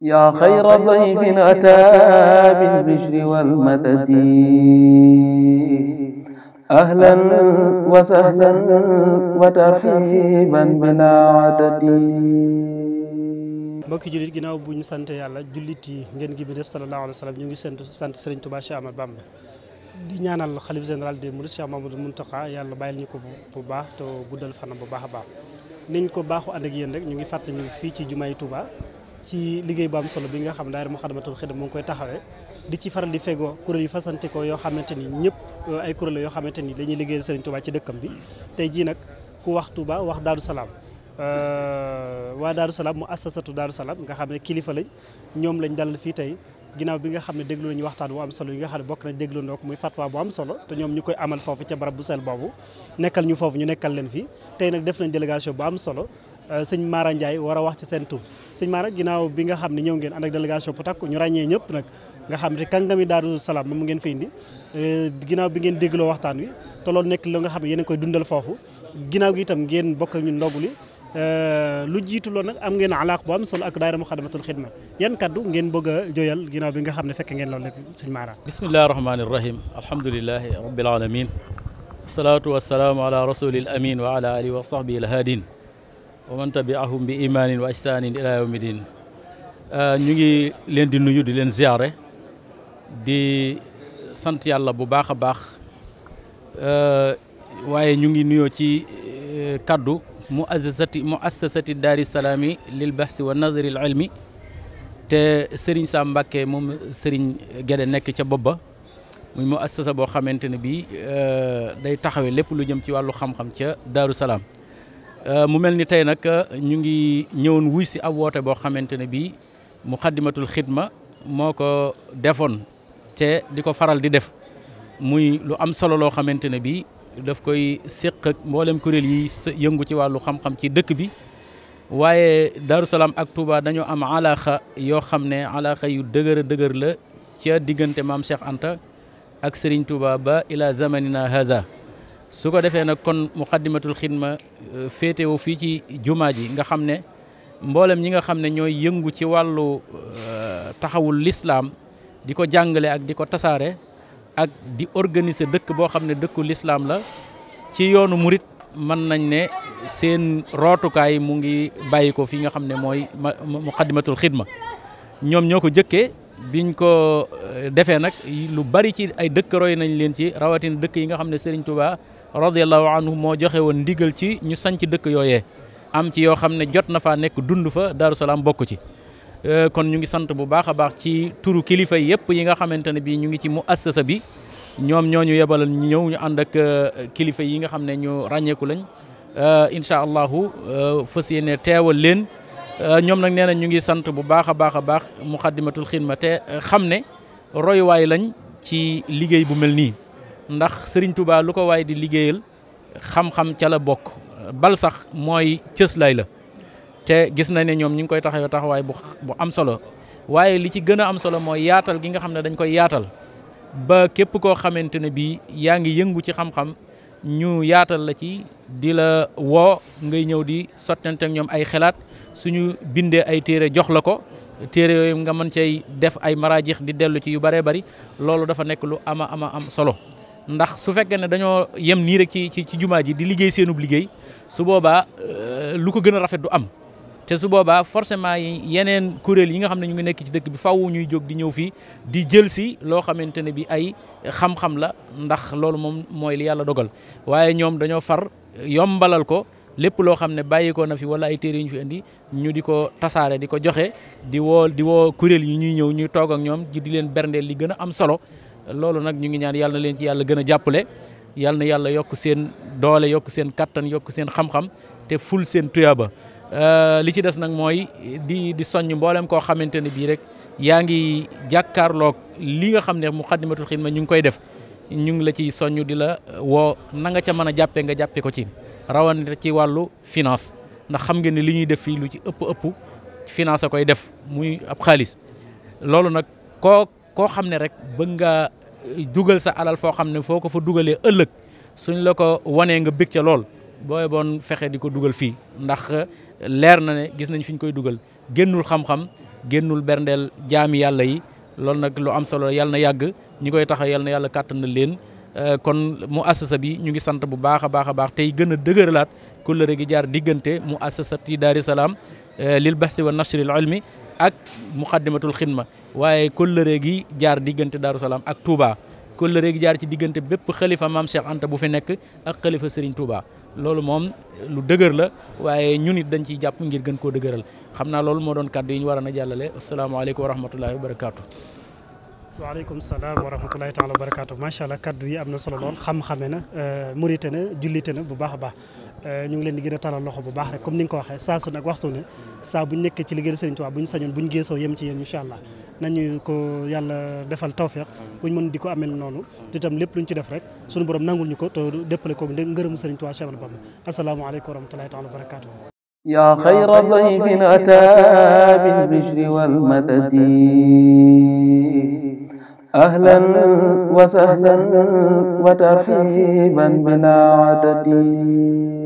yaa xayra dayfin ataa bil bishri wal madadi wa sahlan wa mbokki jullit ginnaaw bu ñu sant yàlla jullit yi ngeen gi bi def sallallahu alayhi wa sallam ñu ngi sant sant sëriñ Touba Cheikh Ahmad Bamba di ñaanal xalif général des mourides Cheikh Mamadou Mountakha yàlla bàyyil ñu ko bu baax te guddal fanam bu baax a baax niñ ko baaxu ànd ak rek ñu ngi fàttali ñu fii ci jumaay Touba ci liggéey bu am solo bi nga xam daayira Moukhaddamatoul Khidma mu ngi koy taxawee di ci faral di fegoo kuréel yu fasantikoo yoo xamante ni ñëpp euh, ay kuréel yoo xamante ni dañuy liggéeyal Serigne Touba ci dëkkam bi tey jii nag ku wax Touba wax Daaru Salaam euh, waa Daaru Salaam mu assasatu Daaru Salaam nga xam ne kilifa ñoom lañ dalal fii tey ginnaaw bi nga xam ne déglu nañu waxtaan bu am solo yi nga xam ne bokk nañ déglu ndook muy am solo te ñoom ñu koy amal foofu ca barab bu sel boobu nekkal ñu foofu ñu nekkal leen fii tey nag def nañ délégation bu am solo Euh, sëñ Mara Ndiaye war a wax ci seen tur sëñ Mara ginnaaw bi nga xam ne ñëw ngeen ànd ak délégation bu takku ñu ràññee ñëpp nag nga xam ne kàngami Daaru Salaam moom ngeen fi ndi euh, ginaaw bi ngeen déglo waxtaan wi tolool nekk la nga xam ne yéen a koy dundal foofu ginnaaw gi itam ngeen bokk ñu ndogu li euh, lu jiitu loolu nag am ngeen alaaq bu am solo ak daayira Muxaddamatul Xidma yan kaddu ngeen bëgg a joyal ginnaaw bi nga xam ne fekk ngeen loolu lépp sëñ Mara bismillahi rahmaani rahim alhamdulilahi rabbil alamin wasalaatu wasalaamu ala rasulil amin wa ala wa sahbihi al wa man tabiahum bi imaanin wa ihsaanin ila yawmi din euh, ñu ngi leen di nuyu di leen ziyaare di sant yàlla bu baax a baax euh, waaye ñu ngi nuyoo ci euh, kaddu mu assasati mu assasati daari salaami lil bahsi wa nazari al te Serigne Sam Mbacké moom sëriñ Guédé nekk ca bopp ba mu assasa boo xamante ne bii day taxawee lépp lu jëm ci wàllu xam-xam ca Daaru Salaam Euh, mu mel ni tey nag euh, ñu ngi ñëwoon wuy si ab woote boo xamante ne bii muxaddimatul xidma moo ko defoon te di ko faral di def muy lu am solo loo xamante ne bii daf koy séq ak mboolem kuréel yi yëngu ci wàllu xam-xam ci dëkk bi waaye Daaru Salaam ak Touba dañoo am alaaxa yoo xam ne alaaxa yu dëgër dëgër la ca diggante maam Cheikh Anta ak Serigne Touba ba ila zamanina haza su ko defee nag kon muqaddimatul xidma euh, féetewu fii ci jumaa ji nga xam ne mbooleem ñi nga xam ne ñooy yëngu ci wàllu euh, taxawul lislaam di ko jàngale ak di ko tasaare ak di organiser dëkk boo xam ne dëkku lislaam la ci yoonu murit man nañ ne seen rootukaay mu ngi bàyyi ko fi nga xam ne mooy muqaddimatul xidma ñoom ñoo ko jëkkee biñ ko euh, defee nag lu bari ci ay dëkk roy nañ leen ci rawatin dëkk yi nga xam ne Serigne Touba radiallahu anhu moo joxe woon ndigal ci ñu sanc dëkk yooye am ci yoo xam ne jot na faa nekk dund fa Daaru Salaam bokk ci euh, kon ñu ngi sant bu baax a baax ci turu kilifa yëpp yi nga xamante ne bii ñu ngi ci mu assasa bi ñoom ñoo ñu yebalal ñu ñëw ñu ànd ak euh, kilifa yi nga xam ne ñu ràññeeku lañ euh, incha allahu fas yéene teewal leen ñoom nag nee na ñu ngi sant bu baax a baax a baax muxaddimatul xidma te xam ne royuwaay lañ ci liggéey bu mel nii. ndax Serigne Touba lu ko waaye di liggéeyal xam-xam ca la bokk bal sax mooy cëslaay la te gis na ne ñoom ñu ngi koy taxawee taxawaay bu bu am solo waaye li ci gën a am solo mooy yaatal gi nga xam ne dañ koy yaatal ba képp koo xamante ne bii yaa ngi yëngu ci xam-xam ñu yaatal la ci di la woo ngay ñëw di sottante ak ñoom ay xalaat suñu bindee ay téere jox la ko téere yooyu nga mën cay def ay marajix di dellu ci yu bëree bari loolu dafa nekk lu ama ama am solo ndax su fekkee ne dañoo yem nii rek ci ci ci jumaa ji di liggéey seenub liggéey su boobaa euh, lu ko gën a rafet du am te su boobaa forcément yeneen kuréel yi nga xam ne ñu ngi nekk ci dëkk bi faw ñuy jóg di ñëw fii di jël si loo xamante ne bi ay xam-xam la ndax loolu moom mooy li yàlla dogal waaye ñoom dañoo far yombalal ko lépp loo xam ne bàyyi na fi wala ay téere yu ñu fi indi ñu di ko tasaare di ko joxe di woo di woo kuréel yi ñuy ñëw ñuy toog ak ñoom di leen berndeel li gën a am solo loolu nag ñu ngi ñaan yàlla na leen ci yàlla gën a jàppale yàlla na yàlla yokk seen doole yokk seen kattan yokk seen xam-xam te ful seen tuyaaba euh, li ci des nag mooy di di soññ mboolem koo xamante ne bii rek yaa ngi jàkkaarloog li nga xam ne mu xaddimatu xiin ma ñu ngi koy def ñu ngi la ciy soññ di la woo na nga ca mën a jàppee nga jàppee ko ci rawatina ci wàllu finance ndax xam ngeen ne li ñuy def fii lu ci ëpp ëpp finance a koy def muy ab xaalis loolu nag koo koo xam ne rek bëgg nga dugal sa alal foo xam ne foo ko fa dugalee ëllëg suñ la ko wanee nga bég ca lool booy boon fexe di ko dugal fii ndax leer na ne gis nañ fi ñu koy dugal génnul xam-xam génnul berndeel jaami yàlla yi loolu nag lu am solo yàlla na yàgg ñu koy tax yàlla na yàlla kàttan na leen euh, kon mu assasa bi ñu ngi sant bu baax a baax a baax tey gën a dëgëralaat kullëre gi jaar diggante mu assasati daari salaam euh, lil bahsi wa nashril ilmi ak muqaddimatul xidma waaye kóllëre gi jaar diggante Daaru Salaam ak Touba kóllëre gi jaar ci diggante bépp xalifa maam Cheikh bu fi nekk ak xalifa Serigne Touba loolu moom lu dëgër la waaye ñun it dañ ciy jàpp ngir gën koo dëgëral xam naa loolu moo doon kàddu yi ñu waroon a jàllale asalaamaaleykum wa rahmatullahi wa barakaatu. waaleykum salaam wa rahmatulahi taala wa barakaatu macha allah kaddu yi am na solo lool xam-xame na euh, mérite na jullite na bu baax a baax Euh, ñu ngi leen di gën a loxo bu baax rek comme ni nga ko waxee saa su nag waxtu ne saa buñ nekkee ci liggéey Sëriñ Tuubaa buñ sañoon buñ geesoo yem ci yéen incha allah nañu ko yàlla defal tawfeex buñ mën di ko amel noonu te lépp lépp luñ ci def rek suñu borom nangul ñu ko te déppale ko ngërëmu Sëriñ Tuubaa Cheikh Bamba asalaamaaleykum wa rahmatullahi taala wa barakaatu yaa xayra dayfin ataa bil bishri wal wa sahlan wa tarhiiban bilaa